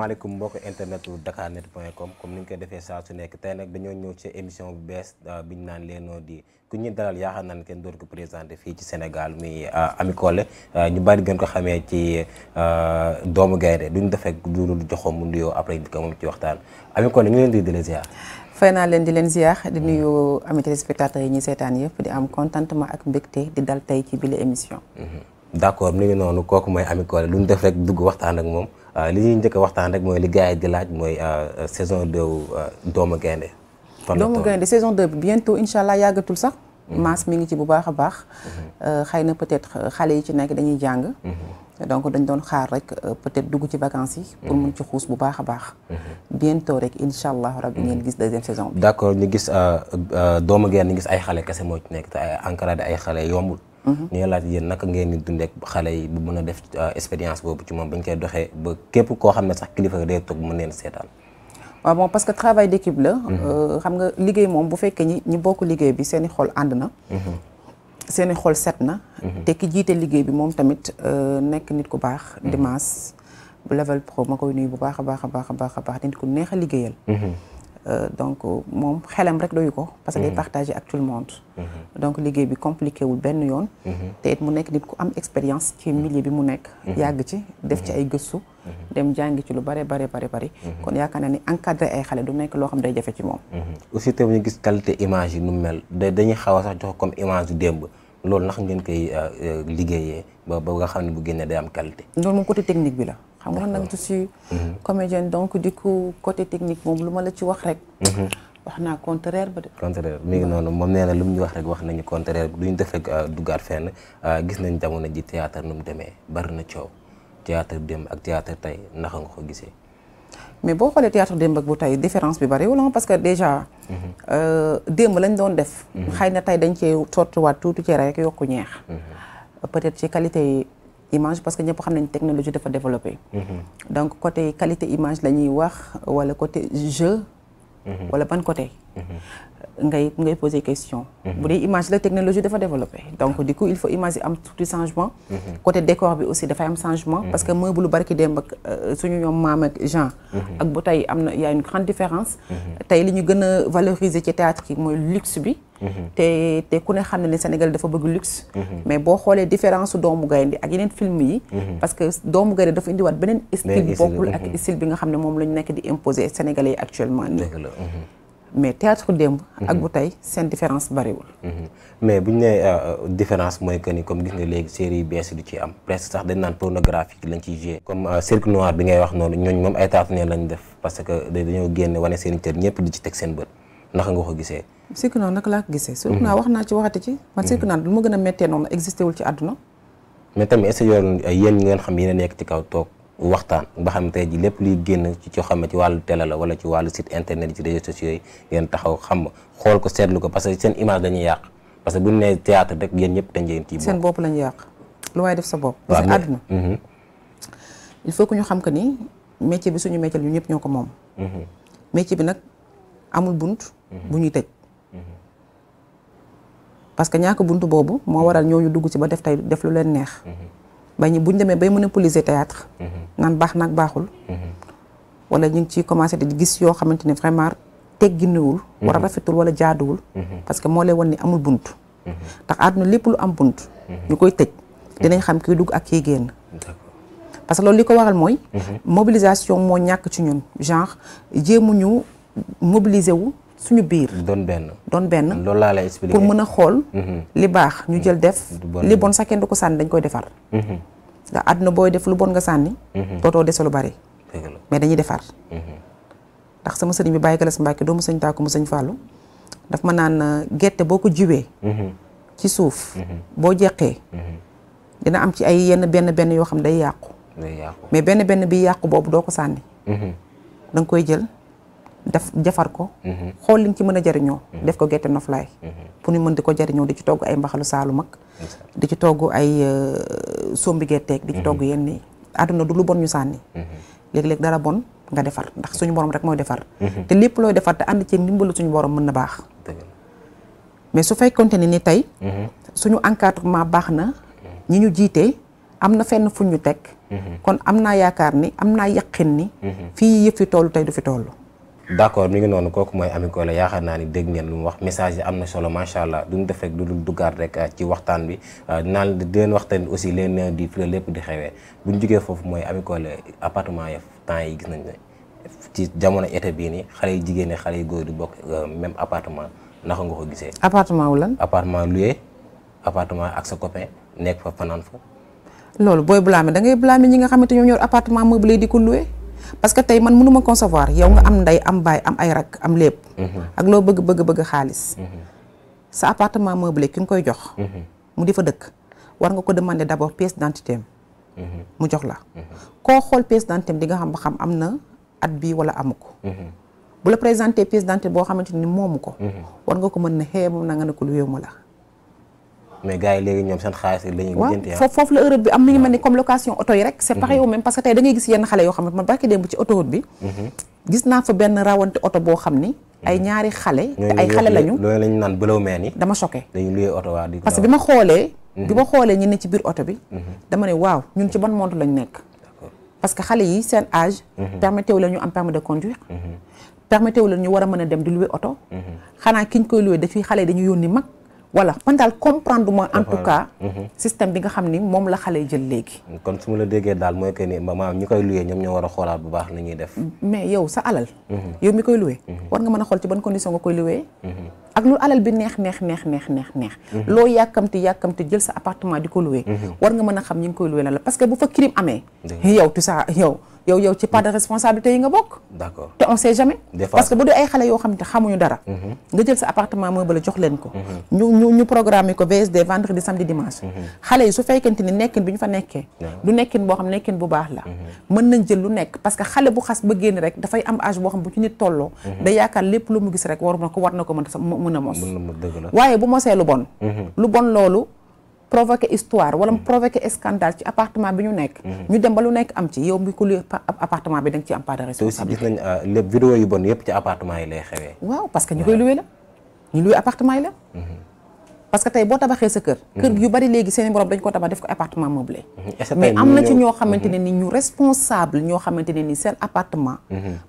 asalaamaaleykum mbokk internet wu dakarnet.com comme ni ñu ko defee saa su nekk tey nag dañoo ñëw ci émission bu bees euh, bi ñu naan leenoo di ku ñuy dalal yaakaar naan ko présenté fii ci Sénégal muy euh, Ami Collé euh, ñu def ak lu dul mu nuyoo après di ko moom ci waxtaan Ami Collé ñu leen di dale ziar. fay naa leen di leen si ziar di nuyu ami téléspectateurs yi ñu seetaan yëpp di am contentement ak mbégte di dal tey ci bile émission. Mm-hmm. d' accord ni noonu kooku mooy Ami Collé lu ñu def rek dugg waxtaan ak moom. li ñuy njëkk waxtaan rek mooy li gars di laaj mooy euh, euh, saison 2 euh, doomu gaynde doomu gaynde saison 2 bi bientôt incha allah yàggatul sax. Mhm. maas mi ngi ci bu baax a baax. Mhm. xëy na peut-être xale yi ci nekk dañuy jàng. Mhm. donc dañ doon xaar rek peut-être dugg ci vacances yi. pour mun ci xuus bu baax a baax. bientôt rek incha allah rabbi ngeen gis deuxième saison bi. d'accord ñu gis doomu gaynde ñu gis ay xale kese moo ci nekk te ay encadré ay xale yombul. Mhm. ñu laaj yéen naka ngeen di dundee ak xale yi bu mën a def euh, expérience boobu ci moom bañ koy doxee ba képp koo xam ne sax kilifa day toog mën leen seetaan. waaw bon parce que travail d'équipe la. Mhm. Euh, xam nga liggéey moom bu fekkee ñi ñi bokk liggéey bi seeni i xol ànd na. Mhm. seen i xol set na. te ki jiite liggéey bi moom tamit euh, nekk nit ku baax. Dimanche bu level pro ma koy nuy bu baax a baax a baax a baax di nit ku neex a liggéeyal. Euh, donc moom xelam rek doyu ko. parce que day mmh. partagé ak mmh. donc liggéey bi compliqué wul benn yoon. Mmh. te it mu nekk nit ku am expérience ci milieu bi mu nekk. yàgg ci def ci ay gëstu. dem jàngi ci lu bare bare bare bari. kon yaakaar naa ni encadré ay xale du nekk loo xam day jafe ci moom. aussi tamit ñu gis qualité image yi nu mel dañuy xaw a sax jox comme image yu démb loolu ndax ngeen koy euh, euh, liggéeyee ba nga xam ne bu génnee day am qualité. loolu moom côté technique bi la. xam nga man nag je suis mhm. donc du coup côté technique moom lu ma la ci wax rek mhm. wax naa contraire ba de. contraire mi ngi noonu moom nee na lu mu ñu wax rek wax nañu contraire duñ def rek euh, duggaat fenn euh, gis nañ jamono ji théâtre nu mu demee bari na coow théâtre démb ak théâtre tey naka nga ko gisee. mais boo xoolee théâtre démb ak bu tey différence bi bariwul parce que déjà. Mhm. Euh, démb lañ doon def. xëy na tey dañ cee sottiwaat tuuti cere rek yokku ñeex. peut ci qualité yi image parce que ñëpp xam nañ technologie dafa développé mhm. donc côté qualité image la ñuy wax wala côté jeu mhm. wala ban côté mhm. ngay ngay pose question bu dee image la technologie dafa développé donc ah. du coup il faut image yi am tuuti changement côté décor bi aussi dafay am changement parce que meuble lu barki démb ak euh, suñu ñoom maam ak Jean ak bu tey am na y a une grande différence tey li ñu gën a valoriser ci théâtre yi mooy luxe bi Mm-hmm. te te ku ne xam ne ne Sénégal dafa bëgg luxe mm-hmm. mais boo xoolee différence su doomu gaynde ak yeneen film yi mm-hmm. parce que doomu gaynde dafa indiwaat beneen style bokkul ak style bi nga xam ne moom la ñu nekk di imposer Sénégalais yi actuellement nii mais théâtre dem ak bu tey seen différence bariwul mais bu ñu nee euh, euh, différence mooy que ni comme gis nga léegi série bees du ci am presque sax dañ naan pornographique lañ ciy joué comme euh, cercle noir bi ngay wax noonu ñooñu moom ay def parce que dañoo génn seen cër ñëpp di ci teg seen bët naka nga ko gisee Circunan naka laa ko gisee Circunan wax naa ci waxati ci man Circunan lu ma gën a méttee noonu existé wul ci àdduna mais tamit est yoon yéen ngeen xam yéen a nekk ci kaw toog waxtaan ba tey ji lépp luy génn ci coo xam ne ci wàllu télé la wala ci wàllu site internet ci réseaux sociaux yi ngeen taxaw xam xool ko seetlu ko parce que seen image dañuy yàq parce que bu ñu nee théâtre rek yéen ñëpp dañ leen ci seen bopp lañu yàq lu sa bopp parce que mhm. xam que ni métier bi suñu métier ñu ñëpp ñoo ko moom mhm. amul bunt bu mhm. ñuy tëj mhm. parce que ñàkk bunt boobu moo waral ñu dugg ci ba def tey def lu leen neex mhm. ba ñu bu ñu demee bay monopoliser théâtre naan baax nag baaxul wala ñu ngi ciy commencé di gis yoo xamante ne vraiment tegginuwul wala rafetul wala jaaduwul parce que moo lay wan ni amul bunt ndax àdduna lépp lu am bunt ñu koy tëj dinañ xam kiy dugg ak kiy génn parce que loolu li ko waral mooy mobilisation moo ñàkk ci ñun genre jéemuñu mobiliser wu suñu biir. doon benn doon benn. loolu laa lay expliquer pour mën a xool. Mhm. li baax ñu mhm. jël def. li bon sa kenn du ko sànni dañ koy defar. Mhm. ndax àdduna booy def lu bon nga sànni. dootoo dese lu bari. mais dañuy defar. ndax sama sëriñ bi Baye Galas Mbacke doomu sëñ Tàkku mu sëñ Fàllu daf ma naan euh, gerte boo ko jiwee. ci suuf. boo jeqee. dina am ci ay yenn benn benn yoo xam day yàqu. mais benn benn bi yàqu boobu doo ko sànni. da nga koy jël. def jafar ko mhm. xool liñ ci mën a jariñoo mhm. def ko gerte noflaay mhm. pour ñu mën di ko jariñoo di ci togg ay mbaxalu saalu mag di ci togg ay euh, sombi gerteeg di ci togg yenn àdduna du lu bon ñu sànni léeg-léeg dara bon nga defar ndax suñu borom rek mooy defar te lépp looy defar te ànd ci ndimbalu suñu borom mën na baax mais su fekkonte ne ni tey suñu encadrement baax na ñi ñu jiitee am na fenn fuñ ñu teg kon am naa yaakaar ni am naa yaqin ni fii yëf fi toll tey du fi toll d' accord mi ngi noonu kooku mooy Ami Collé yaakaar naa ni dégg ngeen lu mu wax message am na solo macha allah duñ def rek du dul duggaat rek ah, ci waxtaan bi ah, naan di leen waxtaan aussi leen ne di fi la lépp di xewee buñ jógee foofu mooy Ami Collé appartement ya temps yi gis nañ ne ci jamono été bii nii xale yi jigéen ñi xale yu góor di bokk euh, même appartement naka nga ko gisee. appartement wu lan. apartement loué appartement ak sa copain nekk fa fanaan fa. loolu booy blâmer da ngay blâmer ñi nga xamante ñoom ñoo appartement parce que tey man mënuma concevoir yow nga am mm-hmm. ndey am baay am ay rak am lépp. Mm-hmm. ak loo bëgg bëgg bëgg xaalis. Mm-hmm. sa appartement meublé ki nga koy jox. mu di fa dëkk war nga ko demande d'abord pièce d'identité mu jox la. koo xool pièce d'identité di nga xam ba xam am na at bii wala amu ko. bu la présenter pièce d'identité boo xamante ni moomu ko. war nga ko mën na xee moom na nga ne ko lu yéemu la. mais gars yi léegi ñoom seen xaalis la ñuy waaw ah. foofu la Europe bi am mi ngi mel ni comme location oto yi rek c'est pareil mhm. au même parce que tey da gis yenn xale yoo xam mhm. ni ay mhm. ñaari xale te ay ci biir bi dama ne waaw ñun ci ban monde lañ nekk parce que xale yi seen âge permetté wu am permis de war a mën a dem di louer oto xanaa kiñ koy louer dafay xale dañu yónni mag voilà man daal comprendre ma en tout mhm. bi nga xam ni moom la xale jël léegi kon su ma la déggee daal mooy que ni maam ñi koy luwee ñoom ñoo war a xoolaat bu baax la ñuy def mais yow sa alal mhm. yow mi koy luwee mhm. war nga mën a xool ci ban condition nga koy luwee ak lu alal bi neex neex neex neex neex loo yàkkamti yàkkamti jël sa appartement di ko luwee war nga mën a xam ñi ngi koy luwee la la parce que bu fa crime amee yow tu sa yow yow yow ci part de responsabilité yi nga bokk. d'accord te on sait jamais. parce que bu dee ay xale yoo xam ne xamuñu dara. Mhm. nga jël sa appartement meublé jox leen ko. Mhm. ñu ñu ñu programmé ko VSD vendredi samedi dimanche. Mhm. xale yi su fekkente ni nekkin bi ñu fa nekkee. du nekkin boo xam nekkin bu baax la. mën nañ jël lu nekk parce que xale bu xas ba génn rek dafay am âge boo xam bu ci nit tolloo. da yaakaar lépp lu mu gis rek war na ko war na ko mën a mën a mos. waaye bu mosee lu bon. lu bon provoquer histoire wala mu mm. provoquer scandale ci appartement bi ñu nekk. Mm-hmm. ñu dem ba lu nekk am ci yow mi ku lu appartement bi da nga ci am part de responsabilité. te aussi gis nañ lépp vidéo yu bon yëpp ñu koy mm-hmm. mm-hmm. léegi seen i borom dañ ko tabax def ko appartement meublé. mais am na ñoo xamante ne ni ñu responsable ñoo xamante ne ni seen appartement.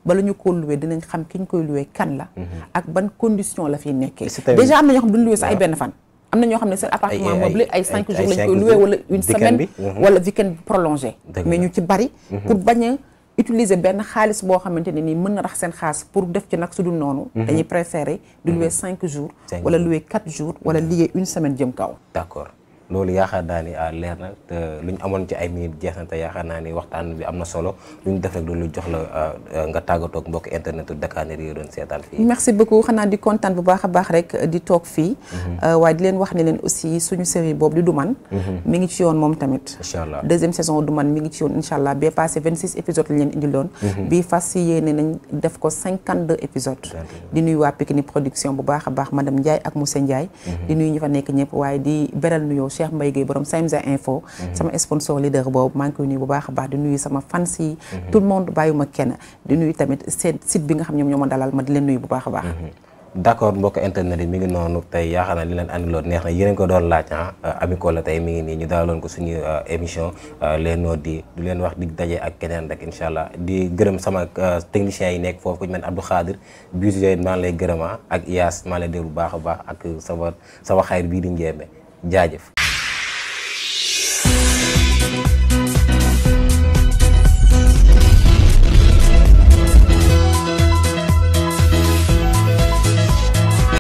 bala dinañ xam ki ñu koy la. ak ban condition la duñ loué sax ay benn fan. am na ñoo xam ne seen appartement meublé ay cinq jours lañ koy loué wala une semaine mhm. wala weekend prolongé mais ñu ci bari mhm. pour bañ utiliser benn xaalis boo xamante ne nii mën na rax seen xaas pour def ci nag su dul noonu mhm. dañuy préférer di loué cinq jours wala loué quatre jours wala liggéey une semaine jëm kaw d'accord loolu yaakaar naa ni ah, leer na te lu ñu amoon ci ay minutes jeex na te yaakaar naa ni waxtaan bi am na solo lu ñu def rek loolu jox la ah, ah, nga tàggatoo ak mbokk internet Dakarnet yi doon seetaan fii. merci beaucoup xanaa di kontaan bu baax a baax rek di toog fii. Mhm. Euh, waaye di leen wax ne leen aussi suñu série boobu di Duman. Mhm. mi ngi ci yoon moom tamit. deuxième saison Duman mi ngi ci yoon incha allah bee passé 26 épisodes lañ leen indiloon. Mhm. bii fas yéene nañ a baax madame Cheikh Mbaye Guèye borom CMG Info. Mhm. sama sponsor leader boobu maa ngi nuyu bu baax a baax di nuyu sama fans mhm. tout le monde bàyyiwuma kenn di nuyu tamit seen bi nga xam ñoom ñoo ma dalal ma di leen nuyu bu baax a baax. Mhm. d'accord mbokk internet yi mi ngi noonu tey yaakaar naa li leen andiloon neex na yéen ko doon laaj ah euh, amiko la tey mi ngi nii ñu daaloon ko suñu euh, émission euh, les Noddi du leen wax di daje ak keneen rek incha allah di gërëm sama techniciens yi nekk ku ñu mel Abdou Khadir bisu maa ngi lay gërëma ah, ak Iyas maa lay déglu baax a baax ak sama sama xayir bii di njéeme jaajëf.